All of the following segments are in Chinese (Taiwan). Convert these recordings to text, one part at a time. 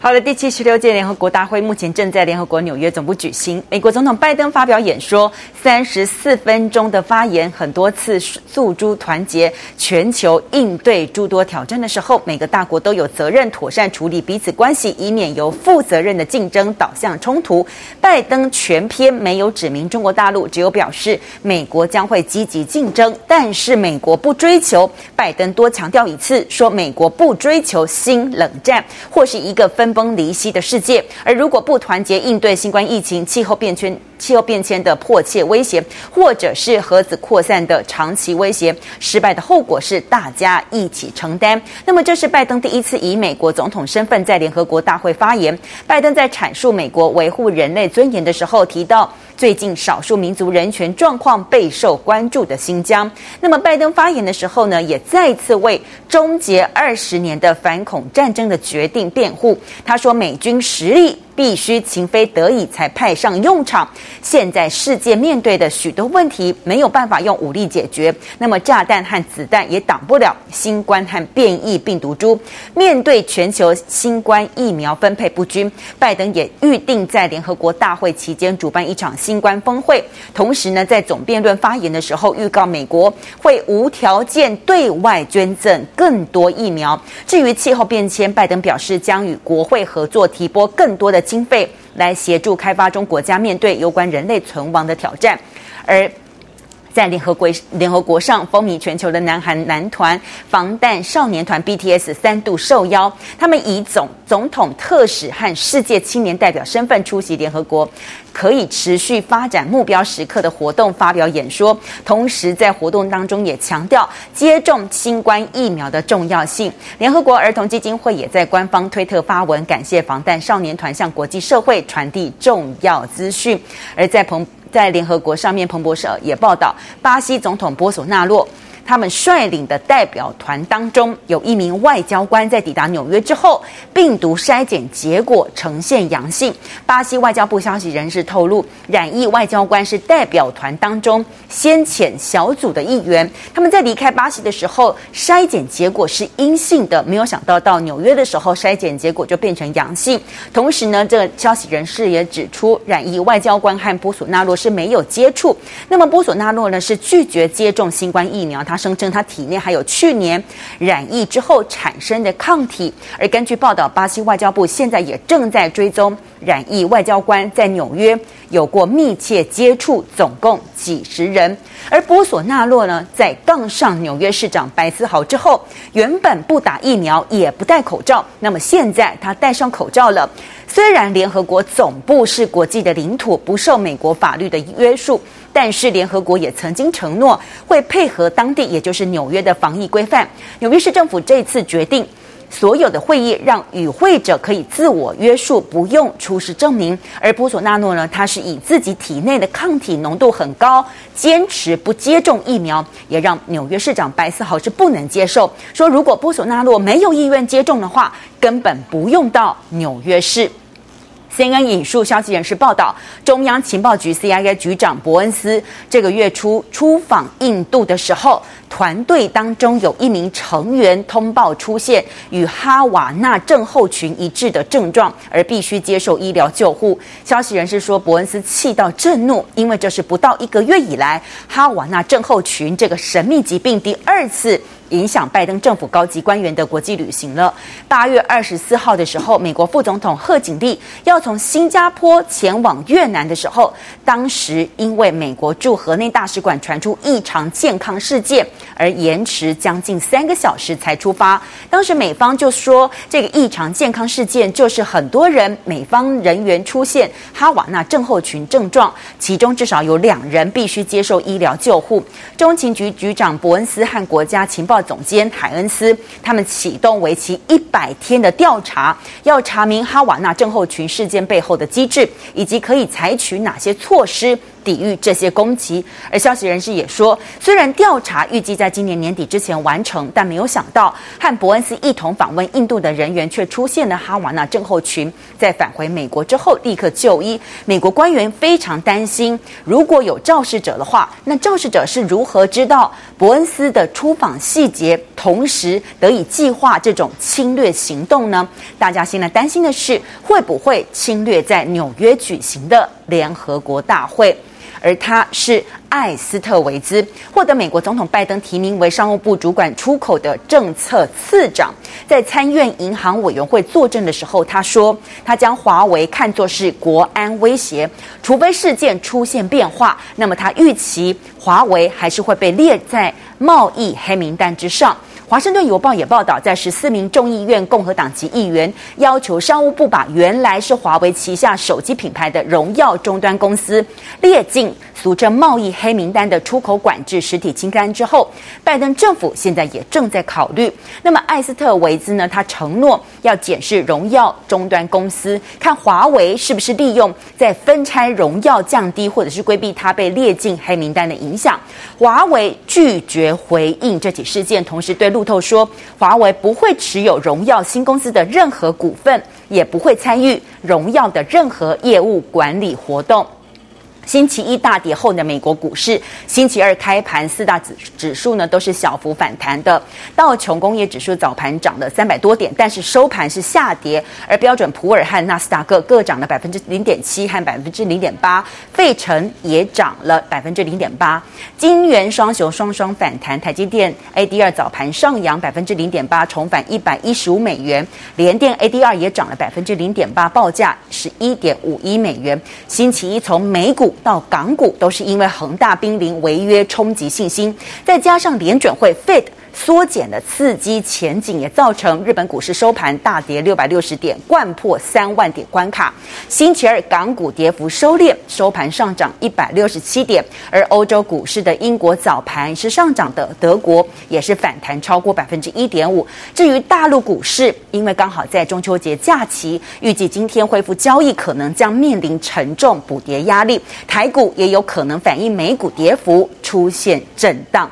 好的，第七十六屆聯合國大會目前正在聯合國紐約總部舉行。美國總統拜登發表演說，三十四分鐘的發言，很多次訴諸團結，全球應對諸多挑戰的時候，每個大國都有責任妥善處理彼此關係，以免由負責任的競爭倒向衝突。拜登全篇沒有指明中國大陸，只有表示美國將會積極競爭，但是美國不追求。拜登多強調一次，說美國不追求新冷戰，或是一個分分崩離析的世界，而如果不團結應對新冠疫情、氣候變遷。氣候變遷的迫切威脅，或者是核子擴散的長期威脅，失敗的後果是大家一起承擔。那麼，這是拜登第一次以美國總統身份在聯合國大會發言。拜登在闡述美國維護人類尊嚴的時候，提到最近少數民族人權狀況備受關注的新疆。那麼，拜登發言的時候呢，也再次為終結二十年的反恐戰爭的決定辯護。他說：“美軍實力。”必須情非得已才派上用場。現在世界面對的許多問題沒有辦法用武力解決，那麼炸彈和子彈也擋不了新冠和變異病毒株。面對全球新冠疫苗分配不均，拜登也預定在聯合國大會期間主辦一場新冠峰會。同時呢，在總辯論發言的時候，預告美國會無條件對外捐贈更多疫苗。至於氣候變遷，拜登表示將與國會合作，提撥更多的。經費來協助開發中國家面對攸關人類存亡的挑戰，而。在聯合國聯合國上風靡全球的南韓男團防彈少年團 BTS 三度受邀，他們以總總統特使和世界青年代表身份出席聯合國可以持續發展目標時刻的活動，發表演說。同時，在活動當中也強調接種新冠疫苗的重要性。聯合國兒童基金會也在官方推特發文，感謝防彈少年團向國際社會傳遞重要資訊。而在彭。在聯合國上面，彭博社也報道，巴西總統波索納洛。他們率領的代表團當中，有一名外交官在抵達紐約之後，病毒篩檢結果呈現陽性。巴西外交部消息人士透露，染疫外交官是代表團當中先遣小組的一員。他們在離開巴西的時候，篩檢結果是陰性的，沒有想到到紐約的時候，篩檢結果就變成陽性。同時呢，這個消息人士也指出，染疫外交官和波索納洛是沒有接觸。那麼，波索納洛呢是拒絕接種新冠疫苗，他。聲稱他體內還有去年染疫之後產生的抗體，而根據報道，巴西外交部現在也正在追蹤染疫外交官在紐約有過密切接觸，總共幾十人。而波索納洛呢，在槓上紐約市長白思豪之後，原本不打疫苗也不戴口罩，那麼現在他戴上口罩了。雖然聯合國總部是國際的領土，不受美國法律的約束。但是聯合國也曾經承諾會配合當地，也就是紐約的防疫規範。紐約市政府這次決定，所有的會議讓與會者可以自我約束，不用出示證明。而波索納洛呢，他是以自己體內的抗體濃度很高，堅持不接種疫苗，也讓紐約市長白思豪是不能接受，說如果波索納洛沒有意願接種的話，根本不用到紐約市。CNN 引述消息人士報道，中央情報局 CIA 局長伯恩斯這個月初出訪印度的時候，團隊當中有一名成員通報出現與哈瓦那症候群一致的症狀，而必須接受醫療救護。消息人士說，伯恩斯氣到震怒，因為這是不到一個月以來哈瓦那症候群這個神秘疾病第二次。影響拜登政府高級官員的國際旅行了。八月二十四號的時候，美國副總統賀錦麗要從新加坡前往越南的時候，當時因為美國駐河內大使館傳出異常健康事件，而延遲將近三個小時才出發。當時美方就說，這個異常健康事件就是很多人，美方人員出現哈瓦那症候群症狀，其中至少有兩人必須接受醫療救護。中情局局長伯恩斯和國家情報。總監海恩斯，他們啟動為期一百天的調查，要查明哈瓦那症候群事件背後的機制，以及可以採取哪些措施。抵禦這些攻擊。而消息人士也說，雖然調查預計在今年年底之前完成，但沒有想到和伯恩斯一同訪問印度的人員卻出現了哈瓦那症候群，在返回美國之後立刻就醫。美國官員非常擔心，如果有肇事者的話，那肇事者是如何知道伯恩斯的出訪細節，同時得以計劃這種侵略行動呢？大家現在擔心的是，會不會侵略在紐約舉行的聯合國大會？而他是艾斯特維茲，獲得美國總統拜登提名為商務部主管出口的政策次長。在參院銀行委員會作證的時候，他說，他將華為看作是國安威脅，除非事件出現變化，那麼他預期華為還是會被列在貿易黑名單之上。《華盛頓郵報》也報道，在十四名眾議院共和黨籍議員要求商務部把原來是華為旗下手機品牌的榮耀終端公司列進“俗稱貿易黑名單”的出口管制實體清單之後，拜登政府現在也正在考慮。那麼，艾斯特維茲呢？他承諾要檢視榮耀終端公司，看華為是不是利用在分拆榮耀，降低或者是規避它被列進黑名單的影響。華為拒絕回應這起事件，同時對。路透說，華為不會持有榮耀新公司的任何股份，也不會參與榮耀的任何業務管理活動。星期一大跌後的美國股市，星期二開盤四大指指數呢都是小幅反彈的。道瓊工業指數早盤漲了三百多點，但是收盤是下跌。而標準普爾和納斯達克各漲了百分之零點七和百分之零點八，費城也漲了百分之零點八。晶圓雙雄雙雙反彈，台積電 ADR 早盤上揚百分之零點八，重返一百一十五美元。聯電 ADR 也漲了百分之零點八，報價十一點五一美元。星期一從美股到港股都是因為恆大瀕臨違約衝擊信心，再加上聯準會 Fed 縮減的刺激前景也造成日本股市收盤大跌六百六十點，摜破三萬點關卡。星期二港股跌幅收斂，收盤上漲一百六十七點，而歐洲股市的英國早盤是上漲的，德國也是反彈超過百分之一點五。至於大陸股市，因為剛好在中秋節假期，預計今天恢復交易，可能將面臨沉重補跌壓力，台股也有可能反映美股跌幅出現震盪。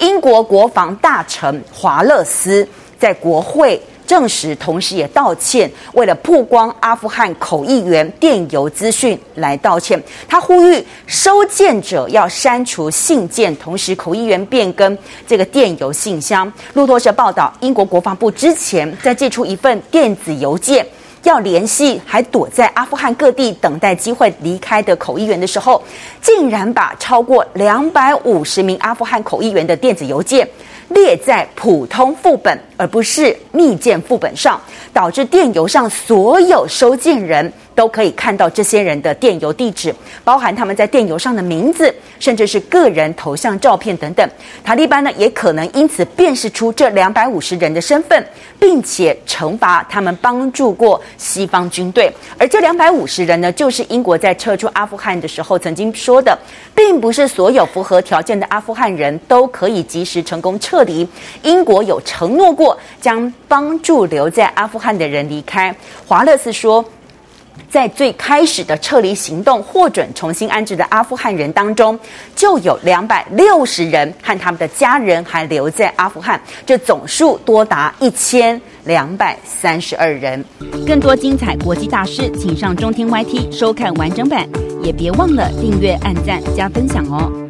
英國國防大臣華勒斯在國會證實，同時也道歉，為了曝光阿富汗口譯員電郵資訊來道歉。他呼籲收件者要刪除信件，同時口譯員變更這個電郵信箱。路透社報道，英國國防部之前在寄出一份電子郵件。要聯繫還躲在阿富汗各地、等待機會離開的口譯員的時候，竟然把超過兩百五十名阿富汗口譯員的電子郵件列在普通副本，而不是密件副本上，導致電郵上所有收件人。都可以看到這些人的電郵地址，包含他們在電郵上的名字，甚至是個人頭像照片等等。塔利班呢，也可能因此辨識出這兩百五十人的身份，並且懲罰他們幫助過西方軍隊。而這兩百五十人呢，就是英國在撤出阿富汗的時候曾經說的，並不是所有符合條件的阿富汗人都可以及時成功撤離。英國有承諾過將幫助留在阿富汗的人離開。華勒斯說。在最開始的撤離行動獲准重新安置的阿富汗人當中，就有兩百六十人和他們的家人還留在阿富汗，這總數多達一千兩百三十二人。更多精彩國際大事，請上中天 YT 收看完整版，也別忘了訂閱、按讚、加分享哦。